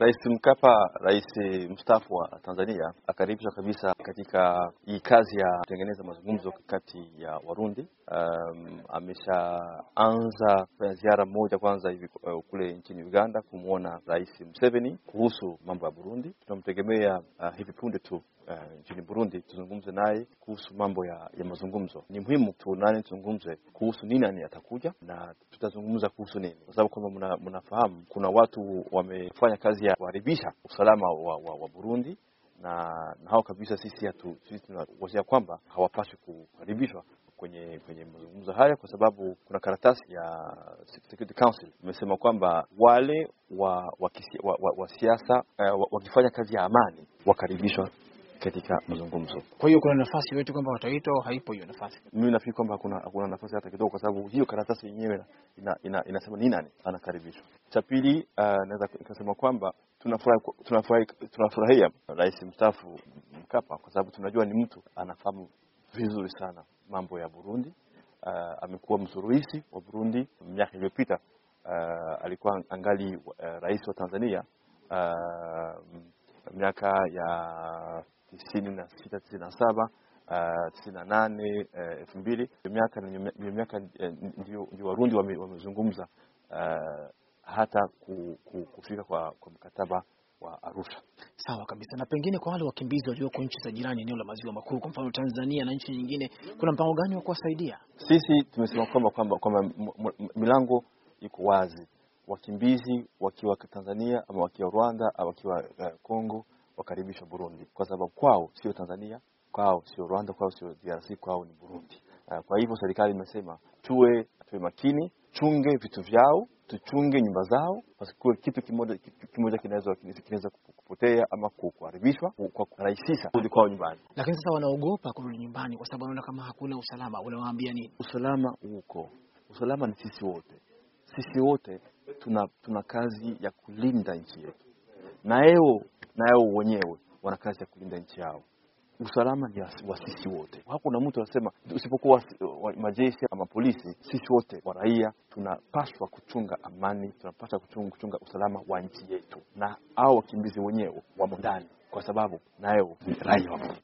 Rais Mkapa, rais eh, mstaafu wa Tanzania, akaribishwa kabisa katika hii kazi ya kutengeneza mazungumzo kati ya Warundi. Um, ameshaanza kufanya ziara moja kwanza hivi uh, kule nchini Uganda kumwona Rais Museveni kuhusu mambo ya Burundi. Tunamtegemea uh, hivi punde tu uh, nchini Burundi tuzungumze naye kuhusu mambo ya, ya mazungumzo. Ni muhimu tuonane, tuzungumze kuhusu nini, nani atakuja na tutazungumza kuhusu nini, kwa sababu kwamba mnafahamu kuna watu wamefanya kazi ya kuharibisha usalama wa, wa, wa Burundi na, na hao kabisa sisi tunawazia kwamba hawapaswi kukaribishwa kwenye kwenye mazungumzo haya kwa sababu kuna karatasi ya Security Council imesema kwamba wale wa, wa, wa, wa, wa siasa uh, wakifanya kazi ya amani wakaribishwa katika mazungumzo. Kwa hiyo kuna nafasi yoyote kwamba wataitwa au haipo hiyo nafasi? Mimi nafikiri kwamba hakuna hakuna nafasi hata kidogo, kwa sababu hiyo karatasi yenyewe ina, ina, inasema ni nani anakaribishwa. Cha pili, uh, naweza kusema kwamba tunafurahia rais mstaafu Mkapa kwa sababu tunajua ni mtu anafahamu vizuri sana mambo ya Burundi. Uh, amekuwa msuruhisi wa Burundi miaka iliyopita. Uh, alikuwa angali uh, rais wa Tanzania uh, miaka ya tisini na sita tisini na saba uh, tisini na nane uh, elfu mbili miaka miaka ndio Warundi wamezungumza hata kufika kwa, kwa mkataba wa Arusha. Sawa kabisa. Na pengine kwa wale wakimbizi walioko nchi za jirani, eneo la maziwa makuu, kwa mfano Tanzania na nchi nyingine, kuna mpango gani wa kuwasaidia? Sisi tumesema kwamba kwamba milango iko wazi wakimbizi wakiwa Tanzania ama wakiwa Rwanda ama wakiwa uh, Kongo wakaribishwa Burundi, kwa sababu kwao sio Tanzania, kwao sio Rwanda, kwao sio DRC, kwao ni Burundi. Uh, kwa hivyo serikali imesema tuwe tuwe makini, chunge vitu vyao, tuchunge nyumba zao, kwa sababu kitu kimoja kimoja kinaweza kinaweza kupotea ama kuharibishwa kwa kurahisisha kurudi kwao nyumbani. Lakini sasa wanaogopa kurudi nyumbani kwa sababu wanaona kama hakuna usalama. Unawaambia nini? Usalama uko, usalama ni sisi wote, sisi wote tuna, tuna kazi ya kulinda nchi yetu, na yao na yao wenyewe wana kazi ya kulinda nchi yao. Usalama ni wa sisi wote, hakuna mtu anasema usipokuwa majeshi ama polisi. Sisi wote wa raia tunapaswa kuchunga amani, tunapaswa kuchunga, kuchunga usalama wa nchi yetu, na hao wakimbizi wenyewe wamo ndani, kwa sababu nayo raia wao